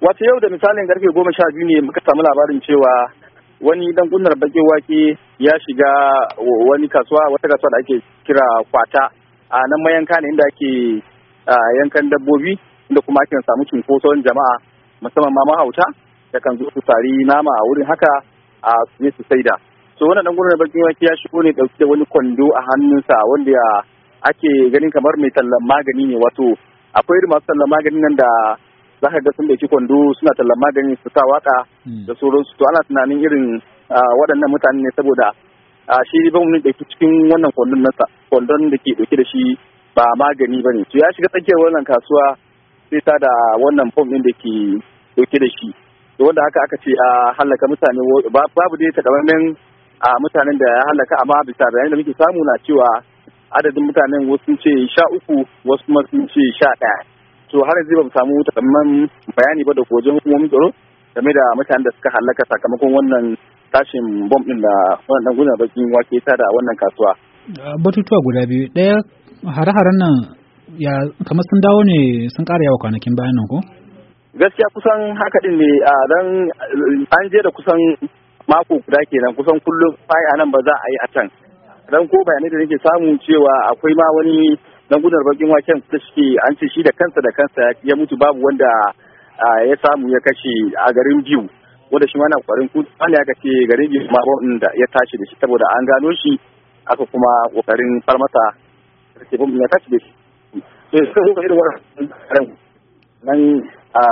Wace yau da misalin karfe goma sha biyu ne muka samu labarin cewa wani dan kunnar bakin wake ya shiga wani kasuwa wata kasuwa da ake kira kwata a nan mayanka ne inda ake yankan dabbobi inda kuma ake samu cunkoson jama'a musamman ma mahauta da kan zo su tari nama a wurin haka a ne su saida so wannan dan kunnar bakin wake ya shigo ne dauke da wani kwando a hannunsa wanda ake ganin kamar mai tallan magani ne wato akwai irin masu tallan maganin nan da za ka ga sun ɗauki kwando suna tallan magani su sa waka hmm. da sauransu to ana tunanin irin waɗannan mutane ne saboda shi ba mun dauki cikin wannan kwandon nasa kwandon da ke ɗauke da shi ba magani ba ne to ya shiga tsakiyar wannan kasuwa sai ta da wannan fom ɗin da ke ɗauke da shi to wanda haka aka ce a halaka mutane babu dai takamaiman a mutanen da ya halaka amma bisa bayanin da muke samu na cewa adadin mutanen wasu sun ce sha uku wasu kuma sun ce sha ɗaya to har yanzu ba mu samu takamman bayani ba da kojin hukumomin tsaro game da mutanen da suka halaka sakamakon wannan tashin bom din da wannan dan gudunar bakin wake ta da wannan kasuwa batutuwa guda biyu ɗaya hare-haren nan ya kamar sun dawo ne sun ƙara yawa kwanakin bayan nan ko gaskiya kusan haka din ne a dan eh, an je da kusan mako guda kenan kusan kullum fai a nan ba za a yi a can dan ko bayanai da nake samu cewa akwai ma wani dan gudanar bakin waken da suke an ce shi da kansa da kansa ya mutu babu wanda ya samu ya kashe a garin biyu wanda shi mana kwarin ku ne ya ce garin biyu ma da ya tashi da shi saboda an gano shi aka kuma kokarin farmasa sai bom ya tashi da shi sai suka zo irin wannan nan a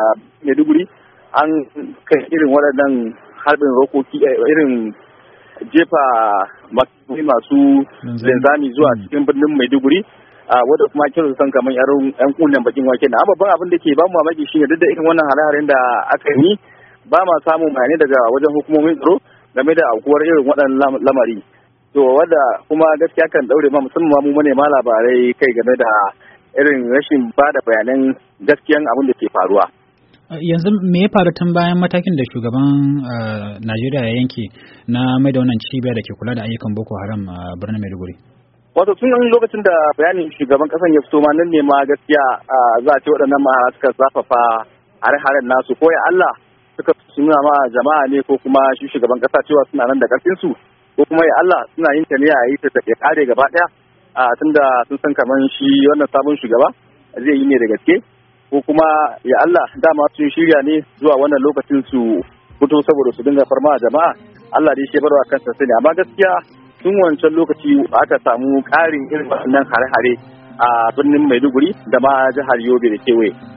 Maiduguri an kai irin waɗannan harbin rokoki eh, irin jefa masu linzami zuwa cikin birnin Maiduguri wanda kuma kin san kamar yaron yan kunan bakin wake na babban abin da ke ba mu mamaki shine duk da irin wannan hare-haren da aka yi ba ma samun bayanai daga wajen hukumomin tsaro game da aukuwar irin waɗannan lamari to wanda kuma gaskiya kan daure ma musamman mu ma labarai kai game da irin rashin ba da bayanan gaskiyan abin da ke faruwa yanzu me ya faru tun bayan matakin da shugaban Najeriya ya yanke na mai da wannan cibiyar da ke kula da ayyukan Boko Haram a birnin Maiduguri wato tun lokacin da bayanin shugaban kasan ya fito ma nan ne ma gaskiya za a ce waɗannan mahara suka zafafa hare-haren nasu ko ya Allah suka nuna ma jama'a ne ko kuma shi shugaban kasa cewa suna nan da ƙarfin su ko kuma ya Allah suna yin ta ne a yi ta kare gaba ɗaya a tunda sun san kamar shi wannan sabon shugaba zai yi ne da gaske ko kuma ya Allah dama sun shirya ne zuwa wannan lokacin su fito saboda su dinga farma jama'a Allah dai shi barwa kansa sani amma gaskiya tun wancan lokaci aka samu ƙarin irin waɗannan hare-hare a birnin Maiduguri da ma jihar Yobe da kewaye.